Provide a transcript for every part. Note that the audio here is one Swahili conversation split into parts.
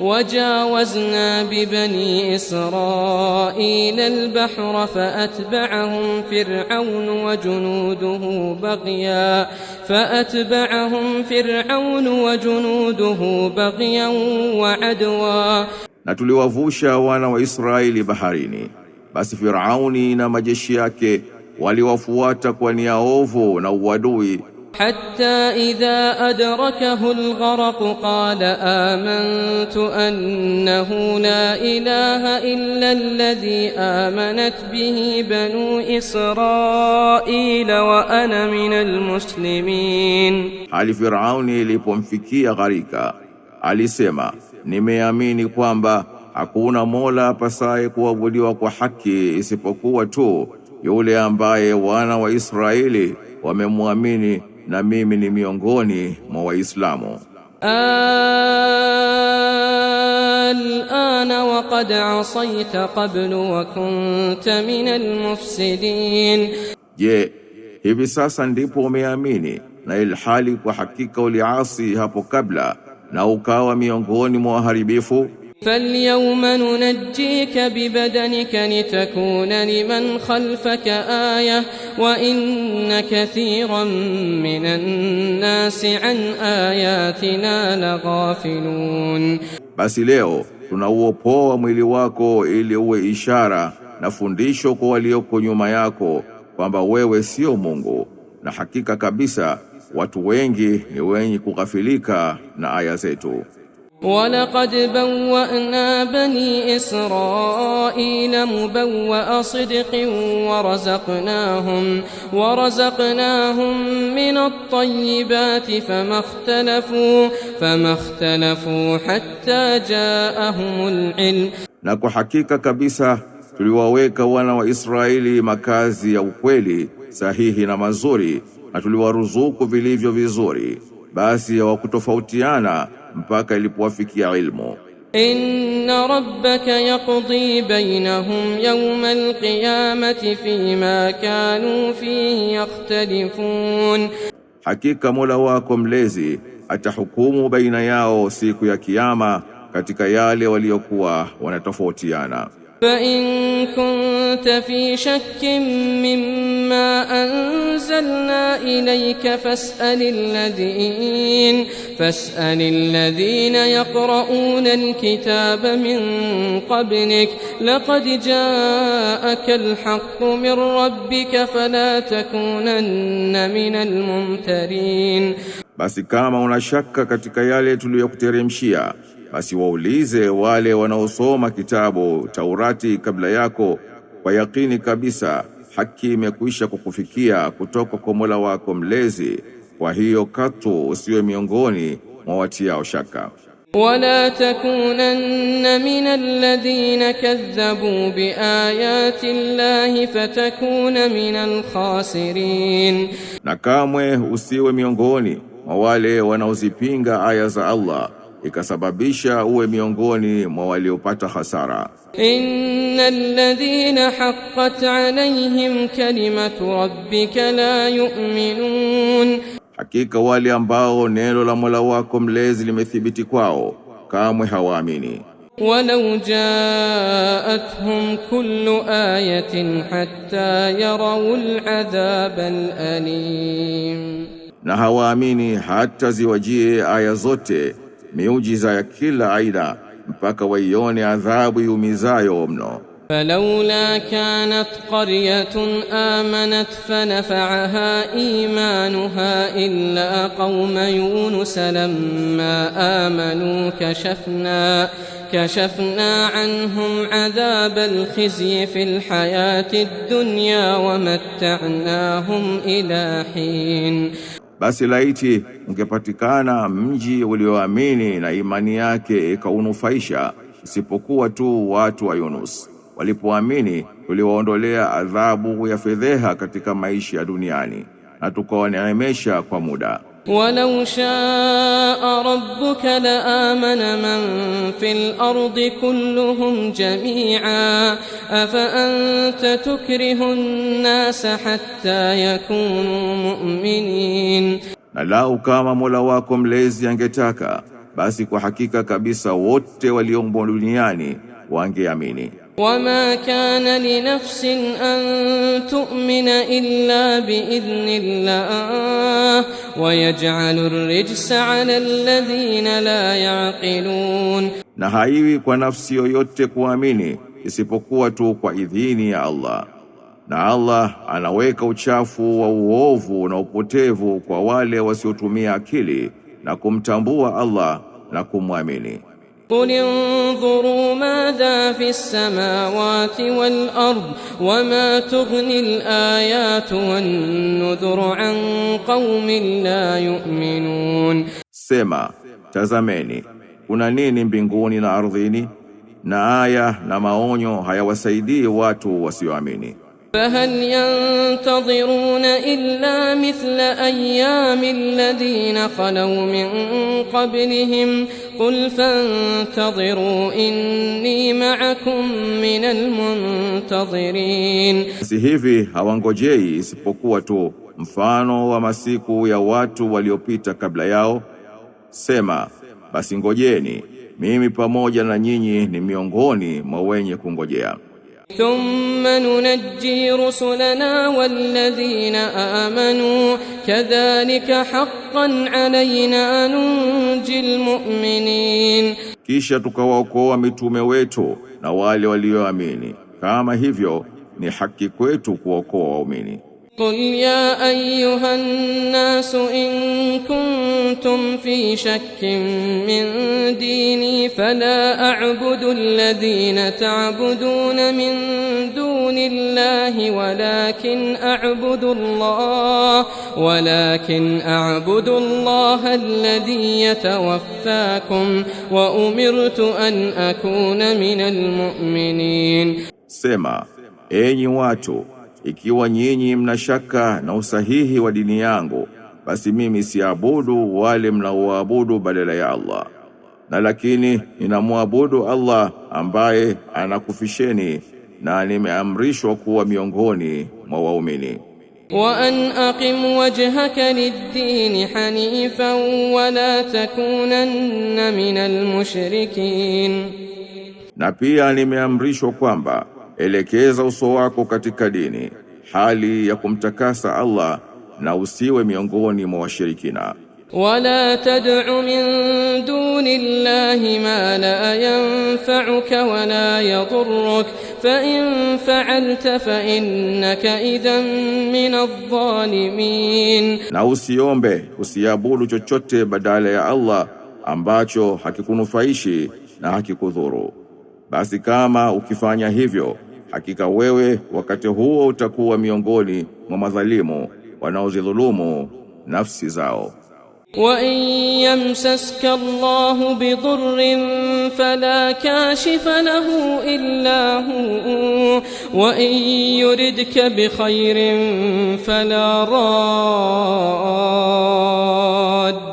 وجاوزنا ببني إسرائيل البحر فأتبعهم فرعون وجنوده بغيا فأتبعهم فرعون وجنوده بغيا وعدوا نتولي وفوشا وانا وإسرائيل بحريني بس فرعوني نمجشيك ولي وفواتك ونياوفو نوادوي حتى إذا أدركه الغرق قال آمنت أنه لا إله إلا الذي آمنت به بنو إسرائيل وأنا من المسلمين علي فرعون لبنفكي غريكا علي سيما نميامين كوانبا أكون مولا بسائق وبدي وكحكي إسفقوة يولي أنباي وأنا وإسرائيلي وممؤمني na mimi ni miongoni mwa Waislamu. Al-ana wa qad asayta qablu wa kunta min al-mufsidin, je, hivi sasa ndipo umeamini na ilhali kwa hakika uliasi hapo kabla na ukawa miongoni mwa waharibifu. فاليوم ننجيك ببدنك لتكون لمن خلفك آية وإن كثيرا من الناس عن آياتنا لغافلون Basi leo tunauopoa mwili wako ili uwe ishara na fundisho kwa walioko nyuma yako kwamba wewe sio Mungu na hakika kabisa watu wengi ni wenye kughafilika na aya zetu ولقد بوأنا بني إسرائيل مبوأ صدق ورزقناهم, ورزقناهم من الطيبات فما اختلفوا, فما اختلفوا حتى جاءهم العلم na kwa hakika kabisa tuliwaweka wana wa Israeli makazi ya ukweli sahihi na mazuri na tuliwaruzuku vilivyo vizuri basi hawakutofautiana mpaka ilipowafikia ilmu. Inna rabbaka yaqdi bainahum yawma alqiyamati fima kanu fihi yakhtalifun, hakika Mola wako mlezi atahukumu baina yao siku ya Kiyama katika yale waliokuwa wanatofautiana. Fa in kunta fi shakkin mimma مما أنزلنا إليك فاسأل الذين فاسأل الذين يقرؤون الكتاب من قبلك لقد جاءك الحق من ربك فلا تكونن من الممترين Basi kama una shaka katika yale tuliyokuteremshia, basi waulize wale wanaosoma kitabu Taurati kabla yako kwa yakini kabisa haki imekwisha kukufikia kutoka kwa Mola wako mlezi, kwa hiyo katu usiwe miongoni mwa watiao shaka. Wala takunanna min alladhina kadhabu biayati llahi fatakuna min alkhasirin, na kamwe usiwe miongoni mwa wale wanaozipinga aya za Allah ikasababisha uwe miongoni mwa waliopata hasara. innal ladhina haqqat alayhim kalimatu rabbika la yu'minun, hakika wale ambao neno la Mola wako mlezi limethibiti kwao kamwe hawaamini. walau ja'atuhum kullu ayatin hatta yarawul adhabal al'alim, na hawaamini hata ziwajie aya zote miujiza ya kila aina mpaka waione adhabu iumizayo فلولا كانت قرية آمنت فنفعها إيمانها إلا قوم يونس لما آمنوا كشفنا كشفنا عنهم عذاب الخزي في الحياة الدنيا ومتعناهم إلى حين Basi laiti ungepatikana mji ulioamini na imani yake ikaunufaisha, isipokuwa tu watu wa Yunus walipoamini tuliwaondolea adhabu ya fedheha katika maisha ya duniani na tukawaneemesha kwa muda. ولو شاء ربك لآمن من في الأرض كلهم جميعا أفأنت تكره الناس حتى يكونوا مؤمنين نلاو كاما ملواكو مليزي أنجتاكا باسي كو حكيكا كبيسا ووتي واليوم بولونياني وانجي أميني وما كان لنفس أن تؤمن إلا بإذن الله ويجعل الرجس على الذين لا يعقلون na haiwi kwa nafsi yoyote kuamini isipokuwa tu kwa idhini ya Allah na Allah anaweka uchafu wa uovu na upotevu kwa wale wasiotumia akili na kumtambua Allah na kumwamini قل انظروا ماذا في السماوات والأرض وما تغني الآيات والنذر عن قوم لا يؤمنون سما تزميني كنا نيني مبنغوني نارضيني نآية نماونيو هيا وسيدي واتو وسيؤميني فهل ينتظرون إلا مثل أيام الذين خلوا من قبلهم قل فانتظروا إني معكم من المنتظرين si hivi hawangojei isipokuwa tu mfano wa masiku ya watu waliopita kabla yao sema basi ngojeni mimi pamoja na nyinyi ni miongoni mwa wenye kungojea thumma nunajji rusulana walladhina amanu kadhalika haqqan alayna nunjil mu'minin, kisha tukawaokoa mitume wetu na wale walioamini, kama hivyo ni haki kwetu kuokoa waumini. قل يا أيها الناس إن كنتم في شك من ديني فلا أعبد الذين تعبدون من دون الله ولكن أعبد الله ولكن أعبد الله الذي يتوفاكم وأمرت أن أكون من المؤمنين سما أي واتو Ikiwa nyinyi mna shaka na usahihi wa dini yangu, basi mimi siabudu wale mnaoabudu badala ya Allah, na lakini ninamwabudu Allah ambaye anakufisheni na nimeamrishwa kuwa miongoni mwa waumini. wa an aqim wajhaka lid-din hanifan wa la takunanna al mushrikin, na pia nimeamrishwa kwamba elekeza uso wako katika dini hali ya kumtakasa Allah na usiwe miongoni mwa washirikina. wala tad'u min duni llahi ma la yanfa'uka wa la yadhurruk fa in fa'alta fa innaka idhan min adh-dhalimin, na usiombe usiabudu chochote badala ya Allah ambacho hakikunufaishi na hakikudhuru, basi kama ukifanya hivyo Hakika wewe wakati huo utakuwa miongoni mwa madhalimu wanaozidhulumu nafsi zao. wa in yamsaska Allahu bidhurrin fala kashifa lahu illa hu wa in yuridka bikhairin fala raa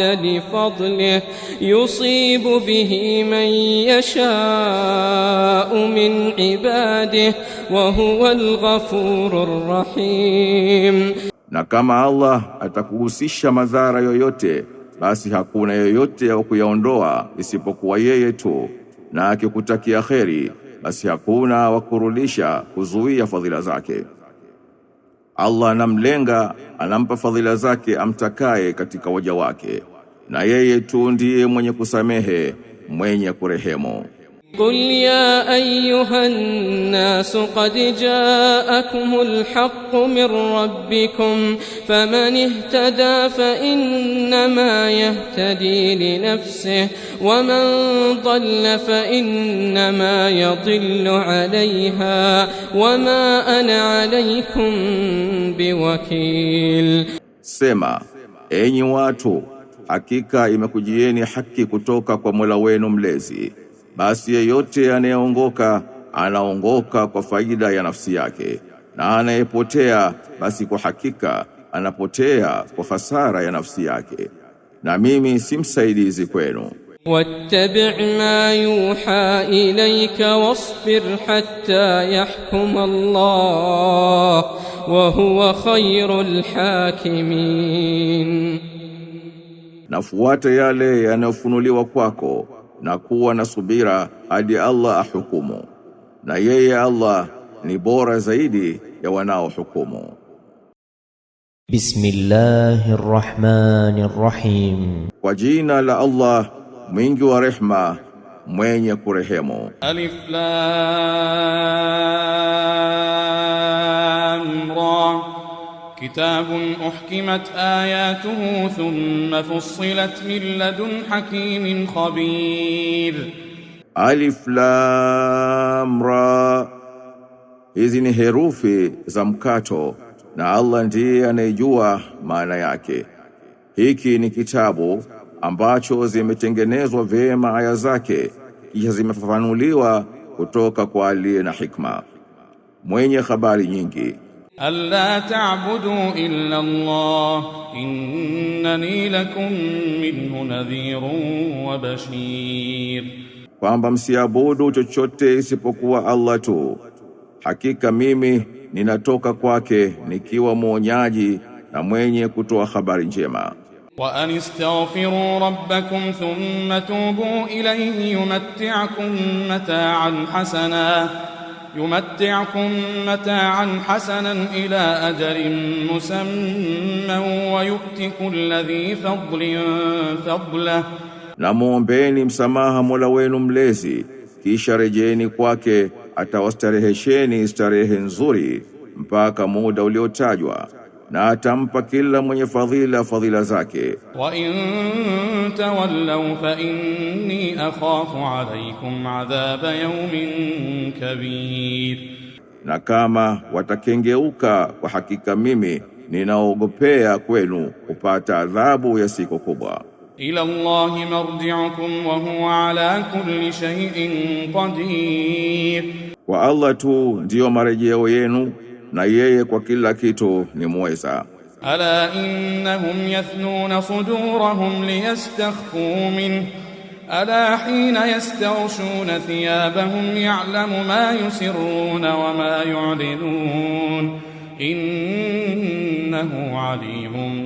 الأرض لفضله يصيب به من يشاء من عباده وهو الغفور الرحيم na kama Allah atakuhusisha madhara yoyote basi hakuna yoyote ya kuyaondoa isipokuwa yeye tu, na akikutakia kheri basi hakuna wa kurudisha kuzuia fadhila zake. Allah anamlenga, anampa fadhila zake amtakaye katika waja wake na yeye tu ndiye mwenye kusamehe mwenye kurehemu. Qul ya ayyuhan nas qad ja'akumul haqqu min rabbikum faman ihtada fa innama yahtadi li nafsihi wa man dhalla fa innama yadhillu 'alayha wa ana 'alaykum biwakil. Sema enyi watu hakika imekujieni haki kutoka kwa Mola wenu mlezi, basi yeyote anayeongoka anaongoka kwa faida ya nafsi yake, na anayepotea basi kwa hakika anapotea kwa fasara ya nafsi yake, na mimi si msaidizi kwenu. wattabi' ma yuha ilayka wasbir hatta yahkum Allah wa huwa khayrul hakimin nafuate yale yanayofunuliwa kwako na kuwa na subira hadi Allah ahukumu, na yeye Allah ni bora zaidi ya wanaohukumu. Bismillahirrahmanirrahim, kwa jina la Allah mwingi wa rehma mwenye kurehemu. Alif Lam كتاب أحكمت آياته ثم فصلت من لدن حكيم خبير ألف لام را Hizi ni herufi za mkato na Allah ndiye anayejua maana yake. Hiki ni kitabu ambacho zimetengenezwa vyema aya zake, kisha zimefafanuliwa kutoka kwa aliye na hikma, mwenye habari nyingi alla ta'budu illa Allah innani lakum minhu nadhirun wa kwamba msiabudu chochote isipokuwa Allah tu, hakika mimi ninatoka kwake nikiwa mwonyaji na mwenye kutoa habari njema. wa an rabbakum thumma tubu ilayhi yumti'akum mata'an hasana يمتعكم متاعا حسنا إلى أجر مسمى ويؤتي كل ذي فضل فضله na msamaha Mola wenu mlezi, kisha rejeeni kwake, atawastarehesheni starehe nzuri mpaka muda uliotajwa na atampa kila mwenye fadhila fadhila zake. wa in tawallaw fa inni akhafu alaykum adhab yawmin kabir, na kama watakengeuka, kwa hakika mimi ninaogopea kwenu kupata adhabu ya siku kubwa. ila Allahi marji'ukum wa huwa ala kulli shay'in qadir, kwa Allah tu ndiyo marejeo yenu na yeye kwa kila kitu ni mweza Ala innahum yathnuna sudurahum liyastakhfu min ala hina yastawshuna thiyabahum ya'lamu ma yusirruna wa ma yu'linun innahu alimun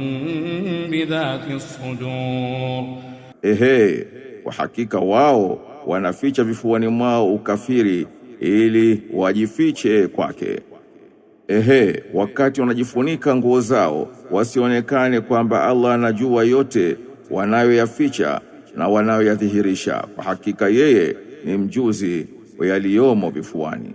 bidhati sudur, ehe, kwa hakika wao wanaficha vifuani mwao ukafiri ili wajifiche kwake Ehe, wakati wanajifunika nguo zao wasionekane kwamba Allah anajua yote wanayoyaficha na wanayoyadhihirisha. Kwa hakika yeye ni mjuzi wa yaliyomo vifuani.